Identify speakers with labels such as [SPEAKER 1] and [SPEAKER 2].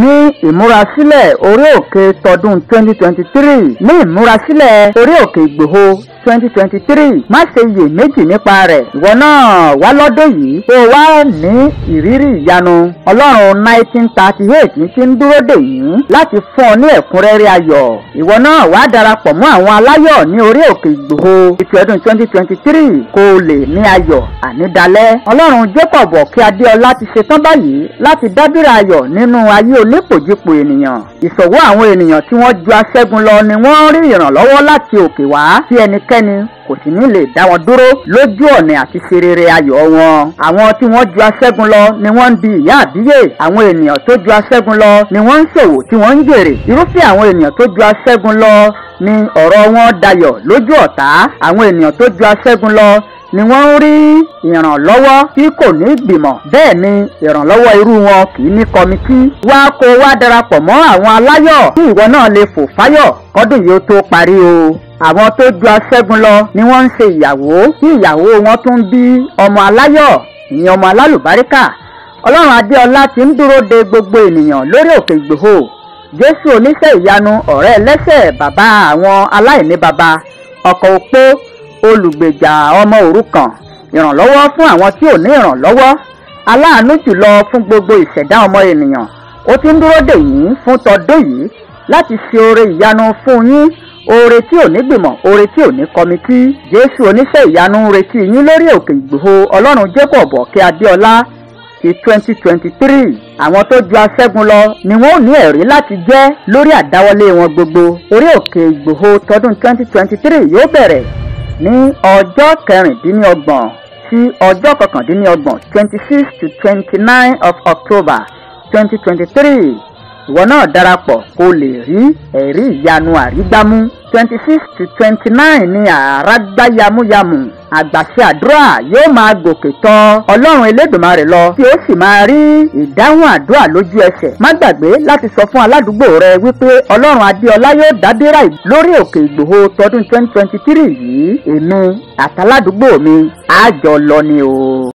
[SPEAKER 1] ní ìmúrasílẹ̀ orí òkè tọdún three. ní ìmúrasílẹ̀ orí òkè ìgbòho twenty twenty three má ṣe iyèméjì nípa rẹ̀ ìwọ náà wá lọ́dún yìí kó o wá ní ìrírí ìyanu ọlọ́run nineteen thirty eight ní ti ń dúró dè yín láti fún ọ ní ẹ̀kúnrẹ́rẹ́ ayọ̀ ìwọ náà wá darapọ̀ mọ́ àwọn aláyọ̀ ní orí òkè ìgbòho ìfi ọdún twenty twenty three kó o lè ní ayọ̀ ànídalẹ́ ọlọ́run jacob ọ̀kẹ́ adéọlá ti ṣetán báyìí láti dábìrì ayọ̀ nínú ayé onípòjìpò ènìyàn ìṣọ̀wọ́ àwọn ènìyàn tí wọ́n ju aṣẹ́gun lọ ni wọ́n rí ìrànlọ́wọ́ láti òkè wá tí ẹnikẹ́ni kò sì ní lè dá wọn dúró lójú ọ̀nà àti ṣe rere ayọ̀ wọn. àwọn tí wọ́n ju aṣẹ́gun lọ ni wọ́n ń di ìyá àbíyè àwọn ènìyàn tó ju aṣẹ́gun lọ ni wọ́n ń ṣòwò tí wọ́n ń jèrè irúfẹ́ àwọn ènìyàn tó ju aṣẹ́gun lọ ni ọ̀rọ̀ wọn dayọ̀ lójú ọ̀tá àwọn ènìyàn tó ju aṣẹ́gun lọ ni wọ́n ń rí ìrànlọ́wọ́ tí kò ní ìgbìmọ̀ bẹ́ẹ̀ ni ìrànlọ́wọ́ irú wọn kì í ní kọmití. wá kó wá darapọ̀ mọ́ àwọn aláyọ̀ kí ìwọ náà lè fò fáyọ̀ kọ́dún yìí ó tó parí o àwọn tó ju aṣẹ́gun lọ ni wọ́n ń ṣe ìyàwó tí ìyàwó wọn tún bí ọmọ aláyọ̀ ìyẹn ọmọ alálùbáríkà ọlọ́run adéọlá ti ń dúró de gbogbo ènìyàn lórí òkè ìgbòho jésù oníṣẹ́ ìyanu ọ̀rẹ́ ẹlẹ́sẹ̀ bàbá àwọn aláìní bàbá ọkọ̀ òpó olùgbèjà ọmọ òrukàn ìrànlọ́wọ́ fún àwọn tí ò ní ìrànlọ́wọ́ aláàánú jùlọ fún gbogbo ìṣẹ̀dá ọmọ ènìyàn ó ti ń dúró dè yín fún tọdún yìí láti ṣe oore ìyanu fún yín oore tí ò ní gbìmọ̀ oore tí ò ní kọmitì jésù oníṣẹ́ ìyanu ń retí yín lórí òkè ìgbòho ọlọ́run jacob ọ̀kẹ́ adéọlá ti twenty twenty three àwọn tó ju aṣẹ́gun lọ ni wọ́n ò ní ẹ̀rí láti jẹ́ lórí àdáwọlé wọn gbogbo orí òkè ìgbòho tọdún twenty twenty three yóò bẹ̀rẹ̀ ní ọjọ́ kẹrìndínlọ́gbọ̀n sí ọjọ́ kọkàndínlọ́gbọ̀n twenty six to twenty nine of october twenty twenty three ìwọ náà darapọ̀ kó lè rí ẹ̀rí ìyanu àrígbámú twenty six to twenty nine ni àràgbá yamuyamu àgbàṣe àdúrà yóò máa gòkè tọ ọlọ́run elédùnmarè lọ tí ó sì máa rí ìdáhùn àdúrà lójú ẹsẹ̀ má gbàgbé láti sọ fún aládùúgbò rẹ wípé ọlọ́run adéọlá yóò dádéra lórí òkè ìgbòho tọdún twenty twenty three yìí èmi àtàládùúgbò mi àjọ ni o.